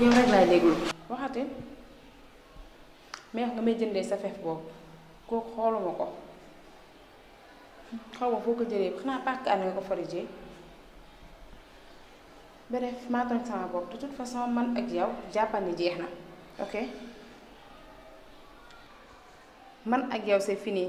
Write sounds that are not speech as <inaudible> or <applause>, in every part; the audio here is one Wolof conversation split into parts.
yow rek laay déglu. waxati meex nga may jëndee sa fef boobu kooku xooluma ko xaw ma foo ko jëlee xanaa pàkk ànd nga ko farijee bref maa tooñ sama bopp de toute façon man ak yow jàppal jeex na ok man ak yow c'est fini.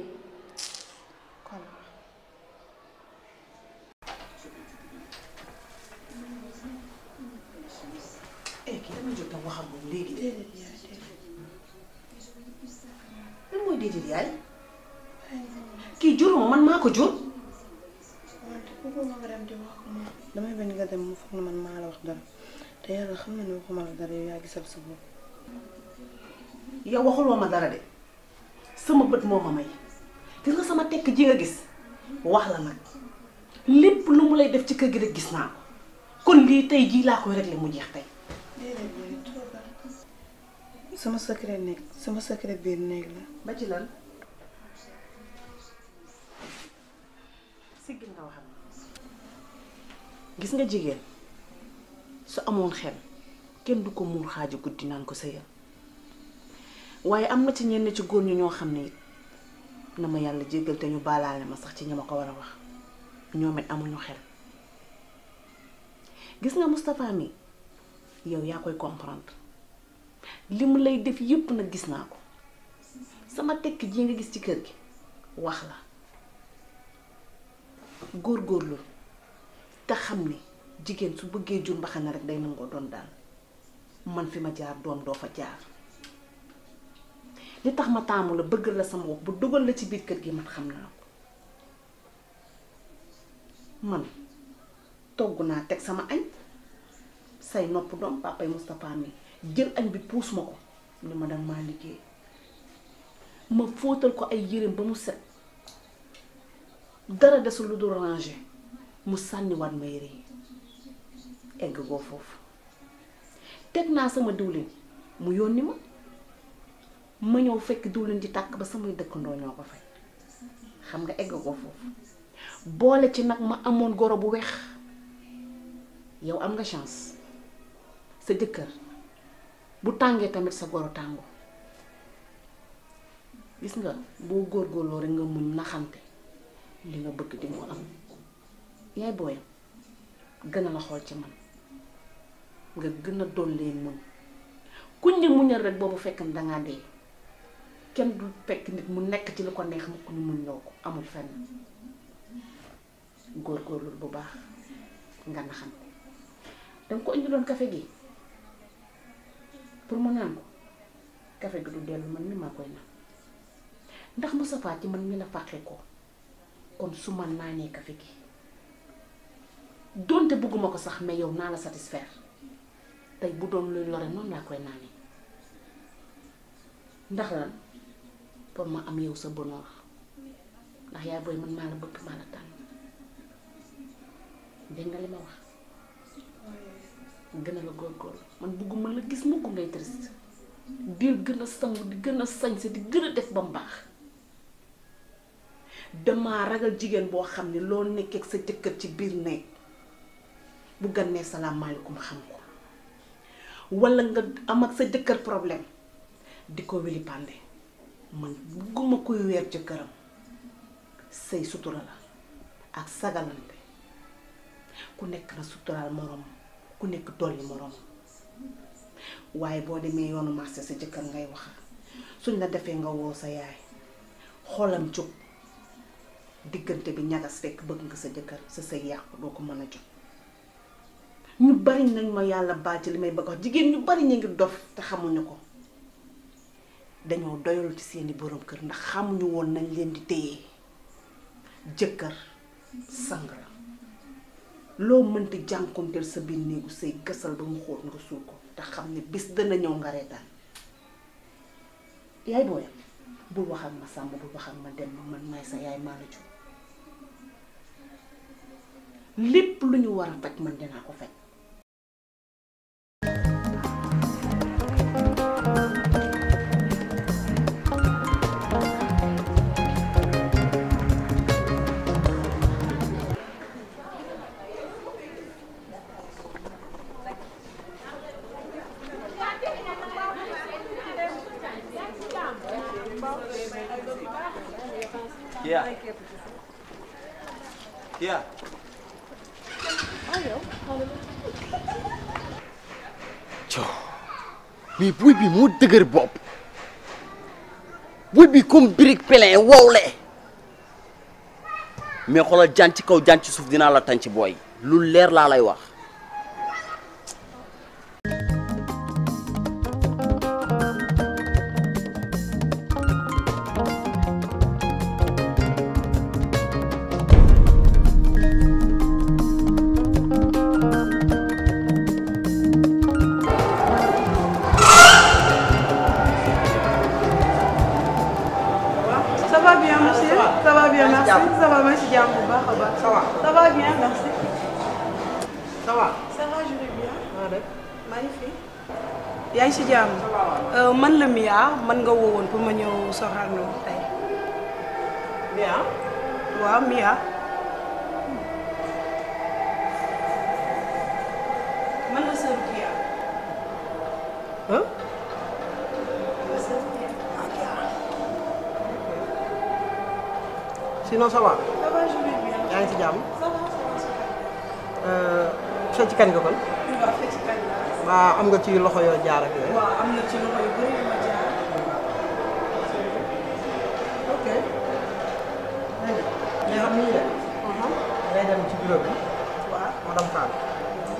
léegi déedéet yaay lan mooy déedéet yaay kii juruma man maa ko jur damay bañ nga dem mu foog na man maa la wax dara te yàlla xam na ne waxuma la dara yaa gisal sa bopp yow waxuloo ma kan, ya, dara de ya. sama bët moo ma may gis nga sama tekk ji nga gis wax la nag lépp lu mu lay def ci kër gi rek gis naa kon lii tey jii laa koy réglé mu jeex tey sama secret nekk sama secret biir néeg la ba ci lan siggil nga gis nga jigéen su amoon xel kenn du ko muur xaaju guddi naan ko sëyal waaye am na ci ñenn ci góor ñu ñoo xam ne it na ma yàlla jéggal te ñu baalaale ma sax ci ñu ma ko war a wax ñoom it amuñu xel gis nga Moustapha mi yow yaa koy comprendre limu lay def yépp nag gis nako sama tekki ji nga gis ci kër gi wax la gor lu ta ni jigen su bëggee jur mbaxana rek day nango don dal man fi ma jaar doom do fa jaar li tax ma tamu la bëgg la sama wax bu duggal la ci biir kër gi man xam naa man togg tek sama añ say nopp dom papay mustapha mi jël añ bi puus ma ko ni ma danga maa liggéey ma fóotal ko ay yéreem ba mu set dara desul lu dul ranger mu sànniwaat ma yére yi egg goo foofu teg naa sama diwlin mu yónni ma ma ñëw fekk diwlin di tàkk ba samay dëkkandoo ñoo ko fay xam nga egg goo foofu boole ci nag ma amoon goro bu weex yow am nga chance sa jëkkër bu tàngee tamit sa goro tàngo gis nga boo góorgóorloo rek nga muñ naxante li nga bëgg di ko am yaay booyam gën a la xool ci man nga gën a doon dollee muñ kuñ ne muñal rek boobu fekk ni dangaa dee kenn du fekk nit mu nekk ci lu ko neex mu ko muñ loo ko amul fenn góorgóorlu bu baax nga naxante danga ko indiloon kafe gi pour mu naan ko kafe gi du dellu man mi maa koy naan ndax Moustapha ci man mi la fàqe ko kon su ma naanee kafe gi donte bëgguma ko sax mais yow naa la satisfaire tey bu doon luy lore noonu laa koy naanee ndax lan pour ma am yow sa bonheur ndax yaay booy man maa la bëgg maa la tànn dégg nga li ma wax. gën a la góorgóorlu man bugguma la gis mukk ngay triste dil gën a sangu di gën a sañse di gën a def ba mu baax damaa ragal jigéen boo xam ne loo nekkee sa jëkkër ci biir nekk bu gannee salaamaaleykum xam ko wala nga am ak sa jëkkër problème di ko wili pande man bugguma koy weer jëkkëram say sutura la ak sagalante ku nekk na suturaal moroom ku nekk dolli moroom waaye boo demee yoonu marché sa jëkkër ngay wax suñ la defee nga woo sa yaay xoolam jóg diggante bi ñagas fekk bëgg nga sa jëkkër sa say yàqu doo ko mën a jóg ñu bari nañ ma yàlla baal ci li may bëgg wax jigéen ñu bari ñu ngir dof te xamuñu ko dañoo doyal ci seeni borom kër ndax xamuñu woon nañ leen di téye jëkkër sang la loo mënti jànkonteel sa biir néegu say gasal ba mu xóot nga suul ko te xam ne bis dana ñëw nga reetaan yaay booyam bul wax ak ma sàmm bul wax ma dem mën maay sa yaay maa la jur lépp lu ñu war a faj man dinaa ko faj Yeah. allo co mais buy bi moo dëgër bopp buy bi comme brique pelin wowle mais xoolal jaan ci kaw jaan ci suuf dinaa la tànc booy lu leer laa lay wax si jàmm euh, man la Mia man nga woowoon pour ma ñëw soxarloo tey. Mia. waaw Mia. man la sœur Kia. ah. ngi si jàmm. ça euh, ci kañ nga kon. waa ah, am nga ci loxo yoo jaar ak yooyu. waaw am na ci loxo yu bëri yu ma jaar. ok. mais xam ni ñu def. ngay dem ci bureau bi. waaw madame Fall.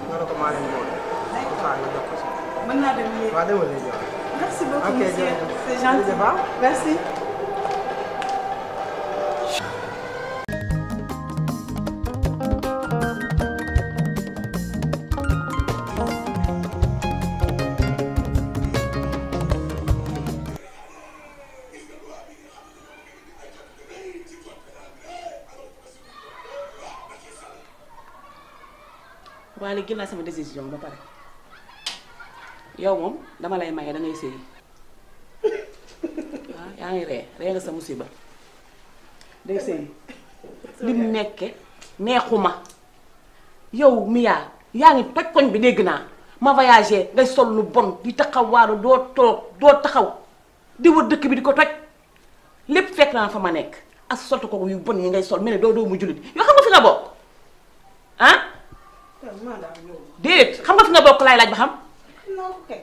nga ne maa leen boole. madame Fall nga jox ko si. mën naa dem léegi waaw demal léegi waaw. merci. waaye léegi jël sama décision ba pare yow moom dama lay maye da ngay sëy <laughs> waaw yaa ngi ree ree nga sa musiba day sëy li nekke neexuma yow Mia yaa ngi toj koñ bi dégg naa ma voyagé ngay sol lu bon di taxawaalu doo toog doo taxaw di dëkk bi di ko toj lépp fekk naa fa ma nekk ak soltu ko yu bon yi ngay sol mel ne doo doo mu jullit yoo xam nga fi nga bokk ah? déedéet xam nga fi nga bokk laay laaj ba xam.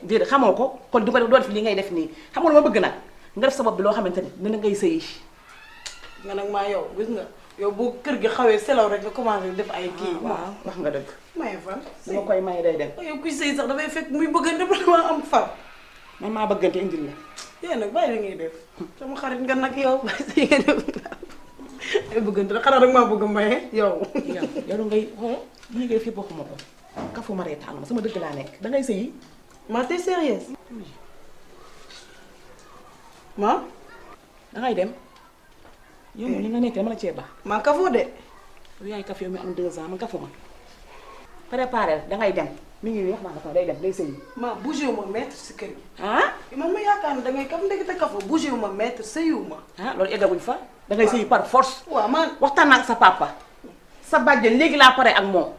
déedéet xamoo ko kon du ma doo def li ngay def nii xam nga lu ma bëgg nag nga def sa bopp bi loo xamante ni dina ngay sëyi. nga nag maa yow gis nga yow bu kër gi xawee selaw rek nga commencé def ay kii. Ah, wax nga dëgg. maye fan sëy ma koy maye day dem. yow kuy sëy sax dafay fekk muy bëggante ba dama am far. man maa bëggante indil la. yéen nag bàyyi li ngay def sama xarit nga nag yow <laughs> bàyyi li ay bëggante rek xanaa rek maa bëgg a maye yow. yow yow ngay xool lii ngay fi bokkuma ko kafu ma reetaan ma sama dëgg laa nekk dangay sëyi. ma t'es sérieuse. ma. dangay dem. yow moom eh. li nga nekk dama la cee baax. ma kafoo de. yow yaay kaf yow mi am deux ans ma kafu ma. dangay dem. mi ngi wax naa la ko day dem day sëy. ma bougé wu ma maître si kër gi. ah man ma yaakaar ne da ngay kaf ndekete kafa bougé ma maître sëyu ma. ah loolu eggaguñ fa. da ngay sëyi par force. waaw man waxtaan naa ak sa papa. sa bàjjen léegi laa pare ak moom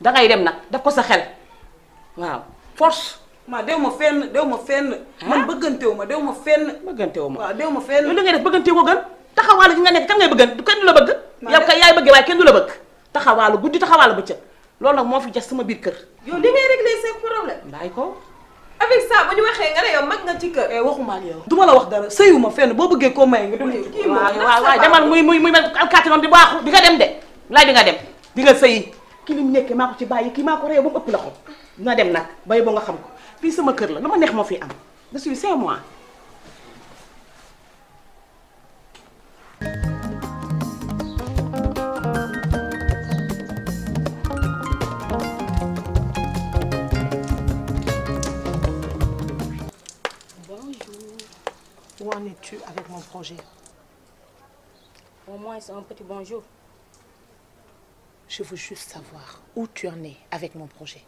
da ngay dem nag daf ko sa xel waaw force. ma dew ma fenn dew ma fenn. man bëggantewu ma ma fenn. bëggantewu ma kan? waaw dew kan ma fenn. loolu la ngay def bëggantewu ko gën taxawaalu gi nga nekk kan ngay bëggan kenn du la bëgg. yow kay yaay bëgg waaye kenn du la bëgg taxawaalu guddi taxawaalu bëccëg loolu nag moo fi jas sama biir kër. yow li ngay régler seen problème. bàyyi ko. avec ça bu ñu waxee nga ne yow mag nga ci kër. Eh, waxuma ak du ma la wax dara sëyuma fenn boo bëggee koo maye nga. kii moom nag waaw waaw demal muy muy mel alkaati noonu di baaxu di dem de. laaj bi nga dem di nga sëyi. ki li mu nekkee maa ko ci bàyyi kii maa ko reyoo ba mu ëpp la ko. na dem nag ba ba nga xam ko fii sama kër la lu ma neex moo fi am je suis cinq mois. Où en es-tu avec mon projet Au moins, c'est un petit bonjour. Je veux juste savoir où tu en es avec mon projet.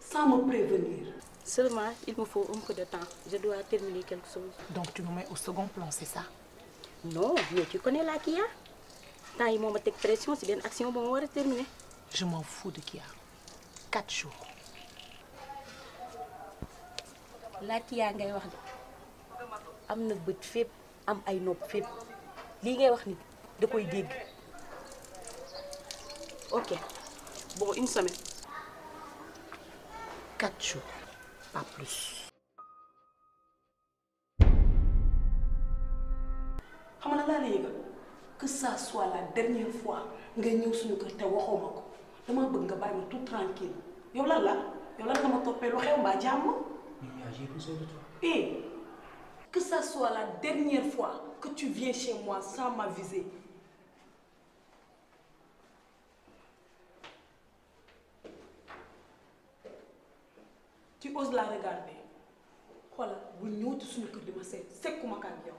sans me prévenir. Seulement, il me faut un peu de temps. Je dois terminer quelque chose. Donc tu me mets au second plan, c'est ça Non, mais tu connais la Kia. Tant ils m'ont mis pression, c'est bien action bon, on va terminer. Je m'en fous de Kia. Quatre jours. La Kia, ngay wax de. Am beut fep, am ay nopp fep. Li ngay wax ni da koy OK. Bon, une semaine. 4 jours, pas plus. la que ça soit la dernière fois nga ñëw suñu kër te waxoo ma Je dama bëgg nga bàyyi ma tout tranquille yow lan la yow lan nga ma toppee J'ai besoin de toi. et eh! que ça soit la dernière fois que tu viens chez moi sans m'aviser tu oses la regarder. Voilà, vous n'êtes pas de ma sœur, c'est comme un camion.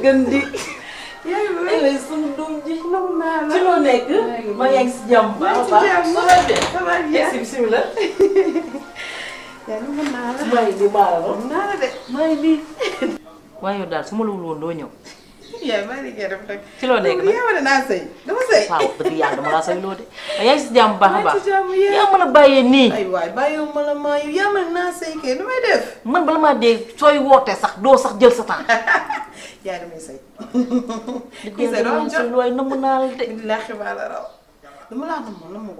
gën di. yaay ma wér sunu doom ji. ci loo nekk. ma yegg si jàmm bu baax a baax. yegg si bisimilah. <laughs> yàlla mën naa la. maa ngi nii maa la <laughs> waaye daal su ma la wul woon doo ñëw. yaay maa ngi def rek. ci loo nekk nag yow danaa sëy dama sëy. waaw dëgg yàlla dama laa sëy loo de yaa ngi si a yaa ma la bàyyee nii. ay waay la maa ma la naa sëy kay nu may sooy wootee sax doo sax jël sa temps. <laughs> yaa damay sëy. di sëy doo am jot di waaye namm naa la de. laa xibaar la raw dama laa namm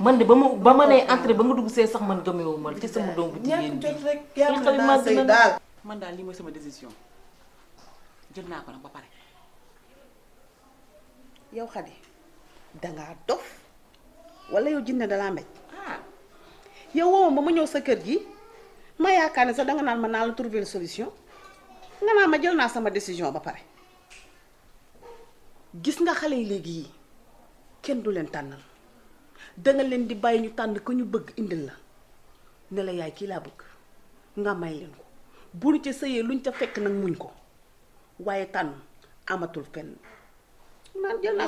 man de ba ma ba ma nee entrée ba ma dugg see sax man gëmewuma ci sama doom bu jigéen bi. ñàkk daal man daal lii mooy sama décision jël naa ko nag ba pare yow xadi dangaa dof wala yow jinne dalaa mbéj ah yow woowoon ba ma ñëw sa kër gi ma yaakaar ne sax danga naan ma naa la trouver solution nga naa ma jël naa sama décision ba pare gis nga xale yi léegi yi kenn du leen tànnal danga leen di bàyyi ñu tànn ko ñu bëgg indil la ne la yaay kii laa bëgg nga may leen ko ca sëyee luñ ca fekk nag muñ ko waaye tànn amatul fenn naan jël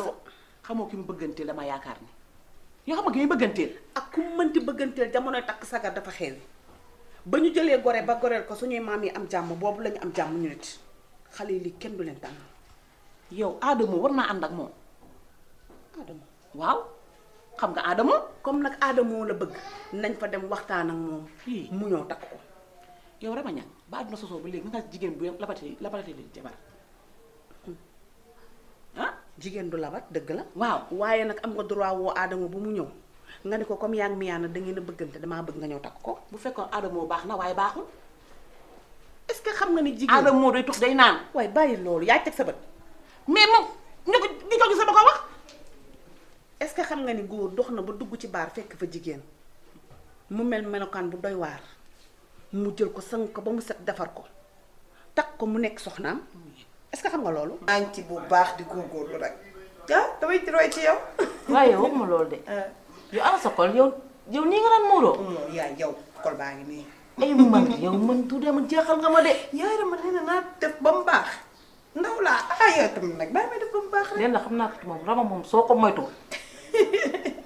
xamoo ki mu bëgganteel dama yaakaar ni yoo xam nga ki mu bëgganteel ak ku mu mënti bëgganteel jamonoy takk sagar dafa xeewi ba ñu jëlee gore ba goreel ko suñuy maam yi am jàmm boobu lañu am jàmm ñu nit xale yi lii kenn du leen tànn yow Adamo war naa ànd ak moom Adamo waaw xam nga Adamo comme nag Adamo la bëgg nañ fa dem waxtaan ak moom mu ñëw takk ko yow rama ñaan ba aduna soso bu leg nga jigen bu labati labati leen jabar hmm. ah jigen du labat deug la waaw waye nak am nga droit wo aadama bu mu ñew nga ne ko comme yaang ada miyaana da ngeen a bëggante damaa bëgg nga ñew tak ko bu fekkon aadamoo baax na waaye baaxul est ce que xam nga ni jigen aadamoo doy tuk day naan waaye bàyyi lolu yaay tek sa bët mais mo ko di ko sama wax est ce que xam nga ni goor doxna ba dugg ci bar fekk fa jigen mu mel melokan bu doy war mu jël ko sank ba mu set defar ko tak ko mu nek soxnam est-ce que xam nga lolu anti bu baax di lu rek ya damay ci roy ci yow. <laughs> waye wax waxuma lolu de. yu <laughs> ala ah. sa kol yow yow ni nga daan muro mm, ya yow kol baangi ni nii. ay man yow man tuuti man jeexal nga ma de. yaay dama nee na def ba mu baax ndaw la ay yow tamit nag bàyyi ma def ba mu baax rek. léegi nag xam ko mom rama mom soko moytu.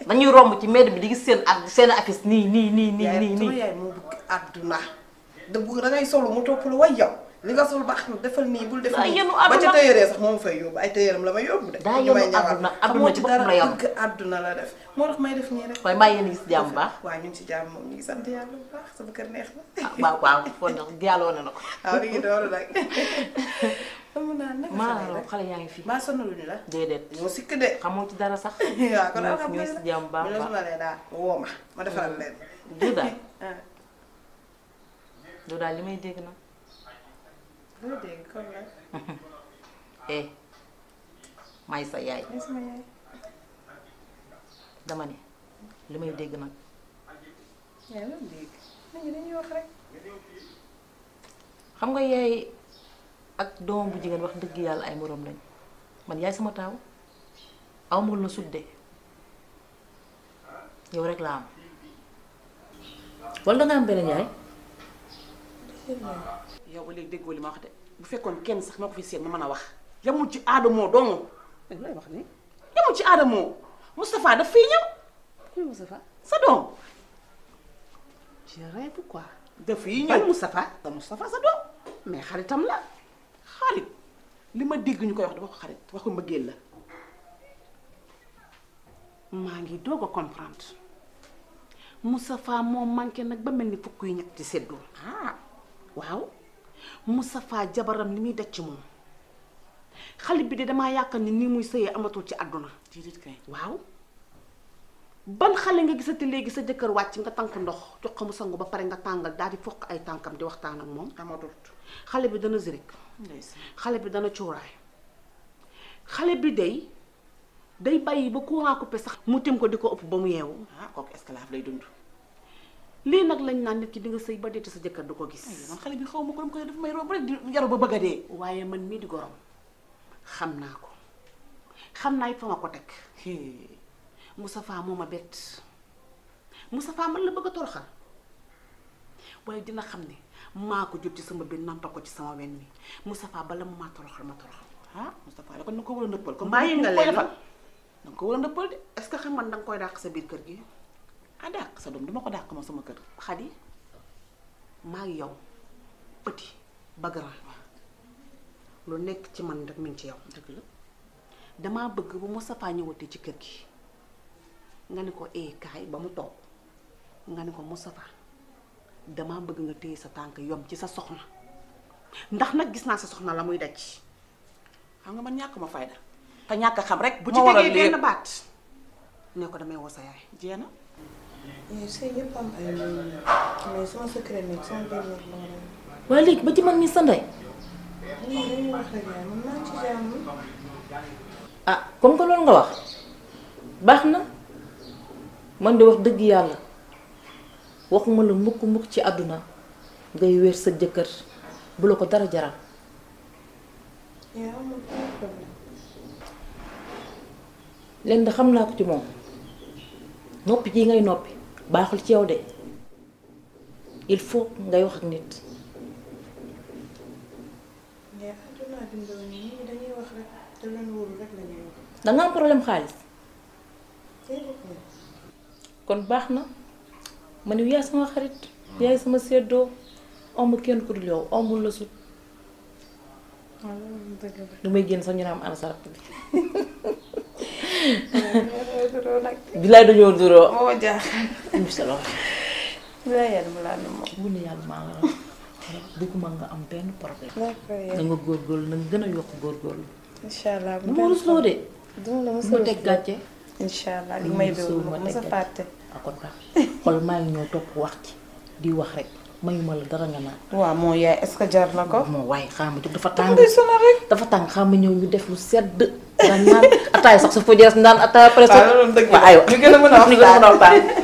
dañuy romb ci mbedd bi di gis seen ak seen affiche nii nii nii nii nii nii. yaay yaay moo bëgg àdduna. da bëgg da ngay solo mu topp lu way yow. li nga sol baax na defal nii bul def nii ba ca tëyëree sax moom fay yóbbu ay tëyëram la may yóbbu de daa yenu àdduna àdduna ci boppam la yem àdduna la def moo tax may def nii rek waaye mbaa yéen a ngi si jàmm baax <laughs> waaw ñu ngi si jàmm moom ñu ngi sant yàlla bu na ah, waaw waaw kon nag jàlloo na na ko <laughs> <laughs> yaa ngi fi maa la déedéet ñoo sikk de xamoo ci dara sax waaw kon alxam ñu ngi si baax baax la lee daal ma ma defaral mm. leen du daal ah. du li may dégg nag loo may sa yaay. dama ne li may dégg nag. yaa ngi xam nga yaay ak doom bu jigéen wax dëgg yàlla ay moroom lañ man yaay sama taaw aw ma la sudde yow rek laa am wala da am beneen yaay. yow ba léegi déggoo li ma wax de bu fekkoon kenn sax ma ko fi seet ma mën a wax yamul ci aadamoo dong lay wax ni yamul ci aadamoo Moustapha daf fii ñëw Moustapha sa doom ci rêve quoi daf yi ñëw Moustapha da Moustapha sa doom mais xaritam la xarit li ma dégg ñu koy wax dama ko xarit waxu mbëggeel la maa ngi doog a comprendre Moustapha moo manqué nag ba mel ni fukk yu ñett ci séddoo ah waaw Moustapha jabaram li muy daj ci moom xale bi de damaa yaakaar ni nii muy sëyee amatul ci àdduna waaw ban xale nga gisati léegi sa jëkkër wàcc nga tànk ndox jox ko mu sangu ba pare nga tàngal daal di fokk ay tànkam di waxtaan ak moom amatul xale bi dana zirik xale bi dana cuuraay xale bi day day bàyyi ba courant coupé sax mu tim ko di ko ëpp ba mu yeewu ah kooku esclave lay dund lii nag lañ naan nit ki di nga sëy ba dee te sa jëkkër du ko gis. man xale bi xaw ma ko dama koy def may romb rek di yaru ba a dee. waaye man mii di gorom xam naa ko xam naa it fa ma ko teg. Moustapha moo ma bett Moustapha man la bëgg a toroxal waaye dina xam ne maa ko jot ci sama biir nampa ko ci sama wen mi Moustapha bala mu maa toroxal ma toroxal ah Moustapha la kon na ko war a nëppal. mbaa yëngal leen ko defal da nga ko war a nëppal de est-ce que xam nga da koy dàq sa biir kër gi. ah dàq sa doom duma ko dàq ma sama kër xadi maa ngi yow petit ba grand lu nekk ci man rek mi ci yow damaa bëgg bu Moustapha ñëwatee ci kër gi nga ni ko eh kaay ba mu toog nga ne ko Moustapha damaa bëgg nga téye sa tànk yom ci sa soxna ndax nag gis naa sa soxna la muy daj xam nga man ñàkk ma fayda te ñàkk xam rek bu ci tegee benn baat ne ko damay woo sa yaay jeena mais sëy yëpp am waaye léegi ba ci man sa ndey. ngi ci jàmm. ah comme que loolu nga wax baax na man de wax dëgg yàlla waxuma la mukk mukk ci àdduna ngay wér sa jëkkër bu la ko dara jaral. yaa amul xam naa ko ci moom. Non, ji ngay noppi baaxul ci yow de il faut ngay wax ak nit. da nga am problème xaalis. kon baax na sama xarit yaay sama seddoo omb kenn ku dul yow ah, sa <laughs> bilaay dañoo duroo. moo jaaxal. incha nga am benn problème. d'accord da nga góorgóorlu gën a yokk góorgóorlu. incha allah bu ma rusloo de. duma la teg gàcce. incha allah li may ma mos a fàtte. Ah, xol maa ngi topp wax ci di wax rek. mayuma la dara nga naan. waaw moo yaay est que jar na ko. moo waaye xaaral jóg dafa tàng. dafa tàng xaaral ma ñëw ñu def lu sedd. daan naan ataay naan ataay après. waaw la a mën a a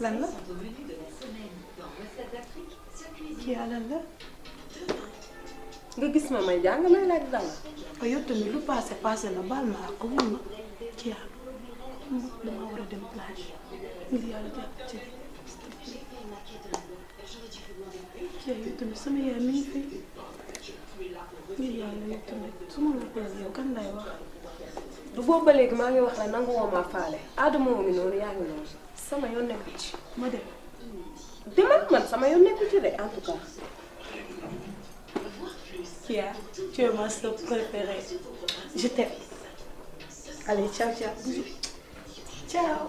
lan la kii nga gis ma may jàng may la. waaw yow tamit lu passé passé na baal ma àq wul ma kii yaa dama war a dem plage ngir yaa yow tamit sama yaay mi ngi fi ngir yàlla yow wax. du boobu maa ngi wax la nangu woo faale aadama wu noonu yaa ngi noonu. sama yoon nekku ci ma dem demal man sama yoon ci en tout cas. Kia, tu es ma soeur préférée. Je t'aime. Allez, ciao, ciao. Ciao.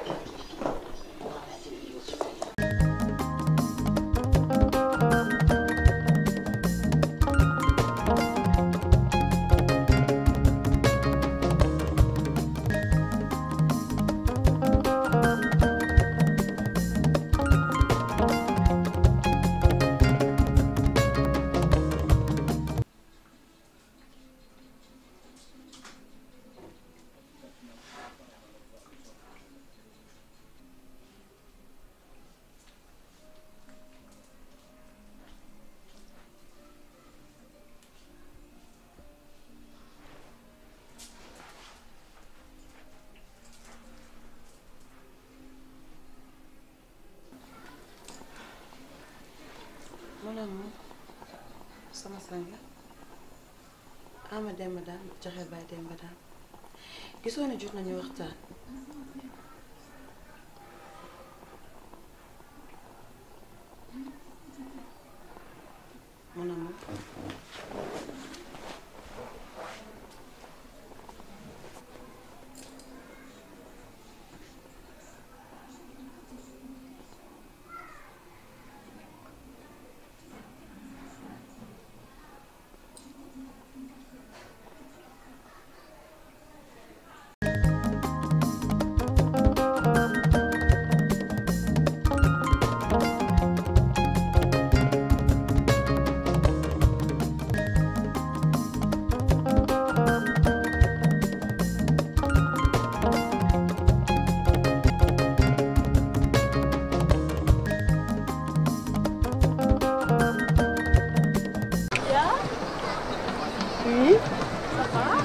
Demba Daan joxeel Baye Demba Daan gisoo ne jot nañu waxtaan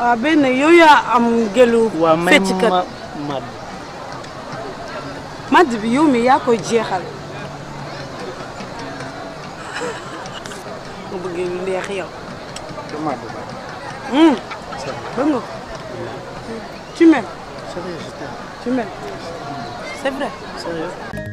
waaw ah, benn yow yaa am gëlu. fecckat waaw bi yow mi yaa koy jeexal. nga bëggee lu neex yow. du hmm. madd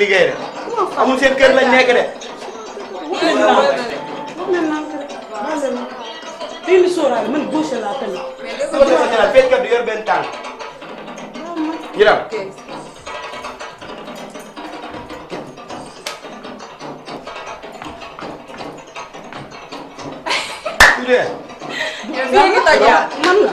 liggéey rek amul seen kër lañ nekk de. déedéet sóoraale man gauche laa tamit. mais léegi nag la béykat du yor benn tànk. ñu dem. ku dee. yow ngi toj man la.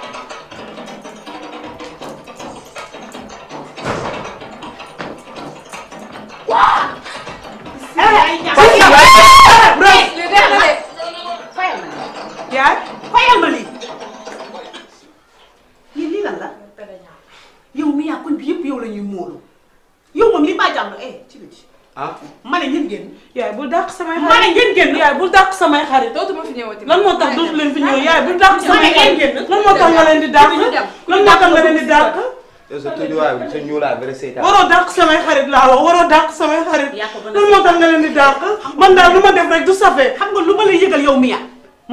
bul dàq samay xarit ma ne ngeen génn yaay bul dàq samay xarit dootuma fi ñëwati lan moo tax dootu leen fi ñëw yaay bul dàq samay xarit lan moo tax nga leen di dàq lan moo tax nga leen di dàq sa tëjuwaay bi man daal lu ma def rek du safee xam nga lu ma lay yëgal yow mi yaa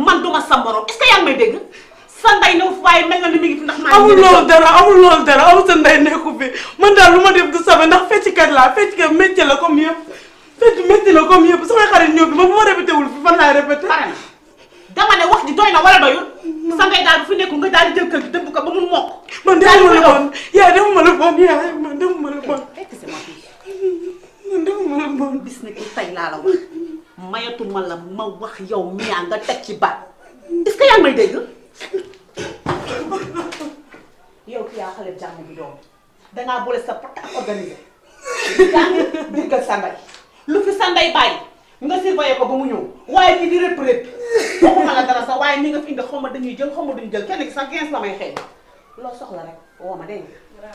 man duma sa morom est-ce yaa may dégg sa ndey na waaye mel na ni mi ngi fi ndax maa amul loolu dara amul loolu dara sa ndey nekku fi man daal lu ma def du safee ndax fecckat laa fecckat métier la comme fekk métti na comme yëpp samay xarit ñëw bi ma bu ma répété wul fi fan laay répété. dama ne wax ji doy na wala doyul. sa ndey daal fi nekkul nga daal di jël kër gi dëbb ko ba mu mokk. man defuma la bon yaay defuma la bon man la bon. fekk si ma fii man defuma la bon. bis na ki laa la wax mayatuma la ma wax yow miyaa nga teg ci baat est-ce que yaa ngi may dégg. yow sa lu fi sa ndey bàyyi nga surveiller ko ba mu ñëw waaye ñi di rëpp rëpp waxuma la dara sax waaye ñi nga fi indi xaw ma dañuy jël xaw ma duñu jël kenn ki sax 15 la may xëy soxla rek woo ma nga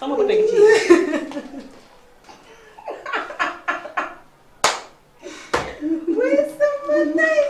sama ko teg ci muy sama nay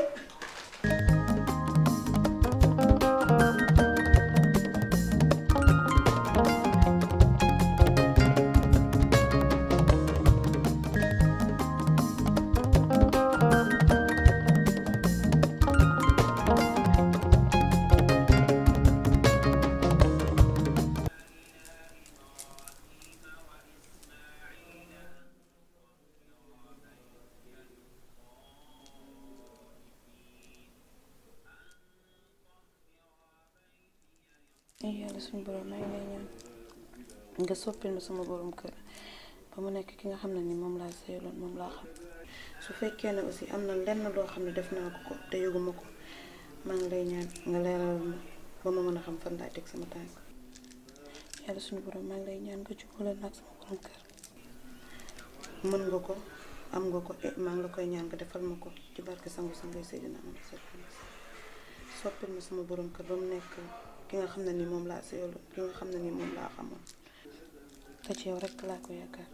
suñu borom maa nga soppil ma sama borom kër mu nekk ki nga xam ne ni moom laa sëyaloon moom laa su fekkee ne aussi am na lenn loo xam ne def naa ko ko te yëguma ko maa ngi lay nga leeral ma mën a xam fan laa teg sama tànk yàlla suñu borom maa ngi lay nga mën nga ko am nga ko eh, maa ngi koy ñaan nga defal ma ko ci barke sangu sangoy Seydina am na soppil ma sama boroom kër ba mu nekk ki nga xam ne ni moom laa séyoon ki nga xam ne ni moom laa xamoon te ci yow rek laa ko yaakaar.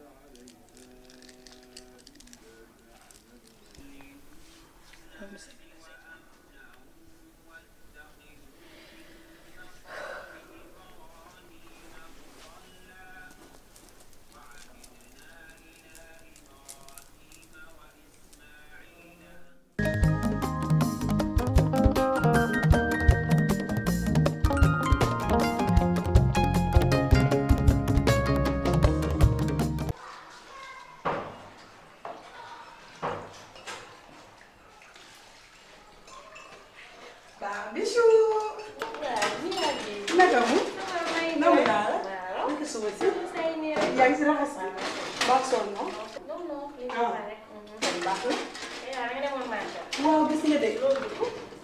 de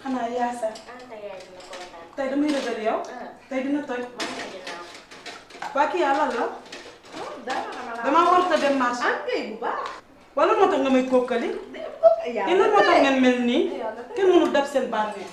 xanaa yaasa. Ah, tey damay rëgal yow. Ah. tey dina toj. waa kii yaa oh, lan la. damaa war dem marché. Ah, bu moo tax nga may kókkali. yéen lan moo tax ngeen mel nii. kenn mënul dab seen bànneex.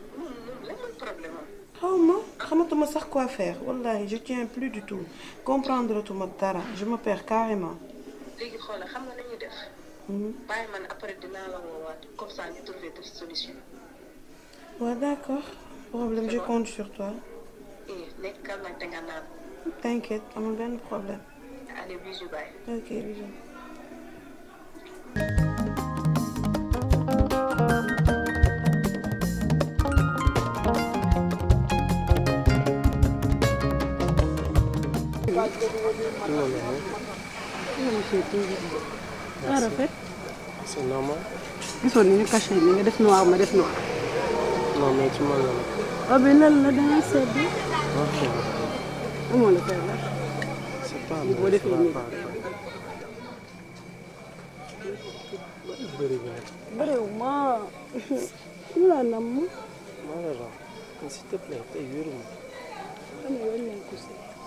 xamatuma sax quoi faire wallahi je tiens plus du tout comprendre tuma dara je me perds carrément. léegi xoolal xam nga nañu def. Mhm. bàyyi man après dinaa la woowaat comme ça ñu trouver des solutions. waaw d'accord problème je compte sur toi. Eh, nekk calme te nga naan. t'inquiète amul benn problème. allez bisous bye. ok bisous. waaw rafet. c'est normal. gisoon nañu cachet bi nga def noir ma def noir. non mais ci man la. obi lan la da ngay sedd. amoon ah, na tey la. c'est pas boo defee nii. bëri na. bëriwuma. ñu la nam. maa la raw. s'il te plaît tey wéeru ma.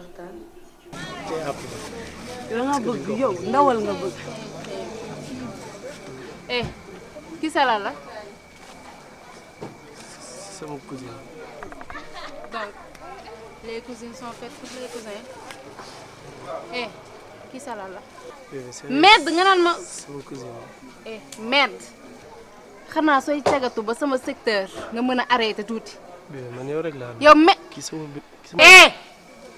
waxtaan. tey la. nga bëgg yow ndawal nga bëgg. eh kisala la. sama cousin. Eh, eh, nga naan ma. sama cousin eh, xanaa sooy cagatu ba sama secteur nga mën a arrêté tuuti. yow me.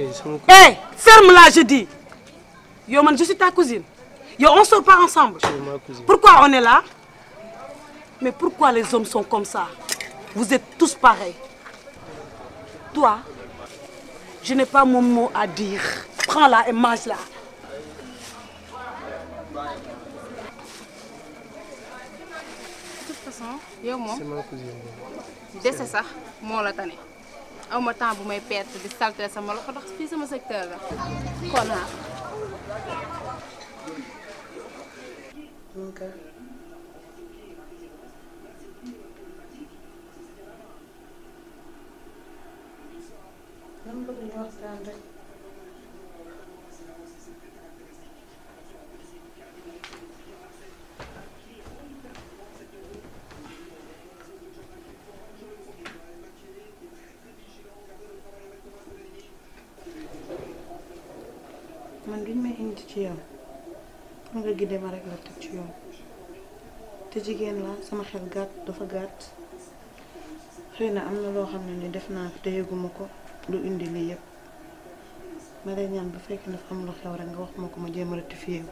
Hé, eh, ferme-la, je dis. Yo, je suis ta cousine. Yo, on sort pas ensemble. Pourquoi on est là Mais pourquoi les hommes sont comme ça Vous êtes tous pareils. Toi, je n'ai pas mon mot à dire. Prends-la et mange-la. De toute façon, yo, c'est ma cousine. Dès ça, moi, la aw ma temps perto de perte di essa sama loxo ndax fii sama secteur la kon naa. man bëgg me waxtaan rek. É? ci yow gede nga gindee ma rek la teg ci te la sama xel gat dafa gàtt xëy na am na loo ni def naa te lu indi li yëpp ma lay ñaan bu fekk na am lu xew rek nga wax ma ko ma jéem a rectifier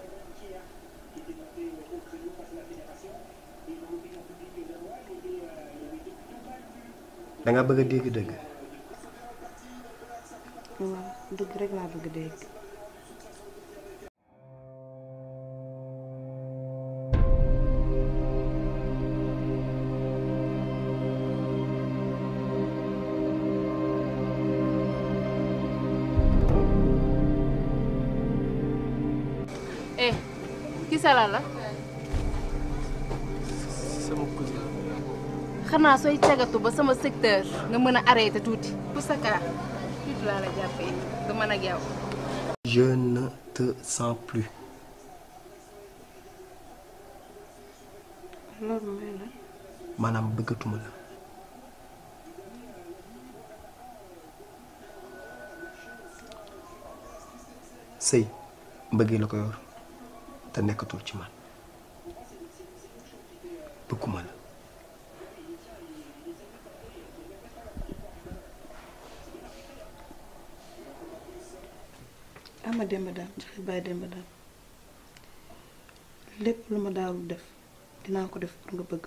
da nga bëgg a dégg dëgg. waaw dëgg Kenapa saya cegat tuh bersama sektor ngemana area itu tuh? Pusaka, itu lah lagi apa? mana gak? Je ne te sens plus. mana? Mana mbeke Si, bagi lo te nekkatul ci man ama demba daam jaxi baay demba daam lépp lu ma daawul def dinaa ko def pour nga bëgg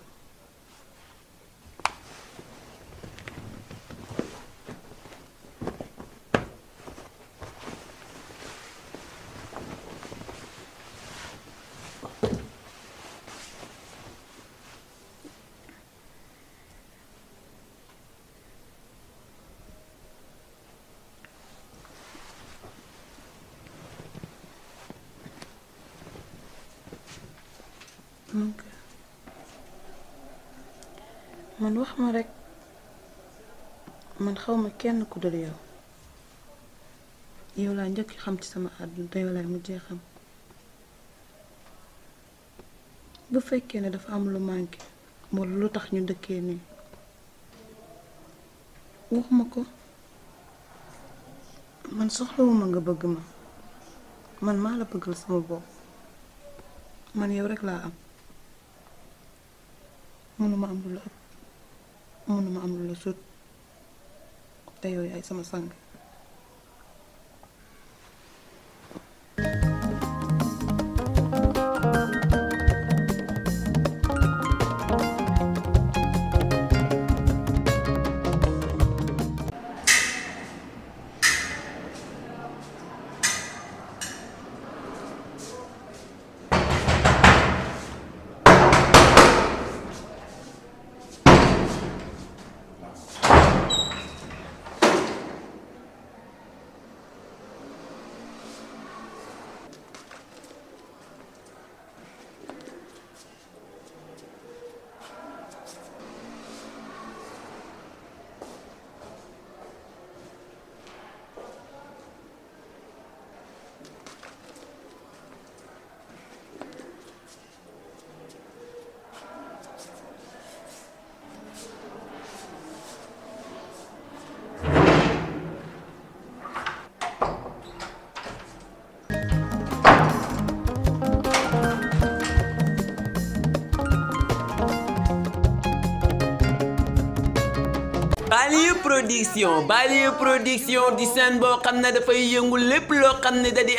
man wax ma rekk man xaw ma kenn ku dul yow laa njëkk xam ci sama àdduna te yow laay mujjee xam bu fekkee ne dafa am lu manqué walla lu tax ñu dëkkee nii wax ma ko man soxlawuma nga bëgg ma man maa la bëggal sama bopp man yow rekk laa am mënuma am lu la ëpp mënuma am lu la sut te yooyu ay sama sang production Banlieue production di seen boo xam ne dafay yëngu lépp loo xam ne da di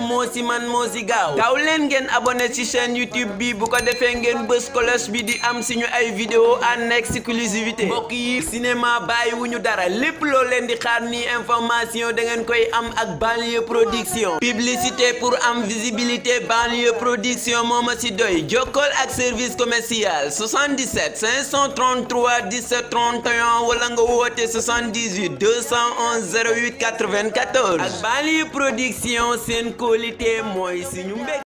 moo si man moo si gaaw leen ngeen abonné ci chaîne YouTube bi bu ko defee ngeen bës cloche bi di am suñu ay vidéo en exclusivité mbokk yi cinéma bàyyi wu ñu dara lépp loo leen di xaar ni information da ngeen koy am ak Banlieue production publicité pour am visibilité Banlieue production moo ma si doy jokkool ak service commercial wala nga woote deux cent 78 211 08 94 ak Bally Production seen qualité mooy suñu mbég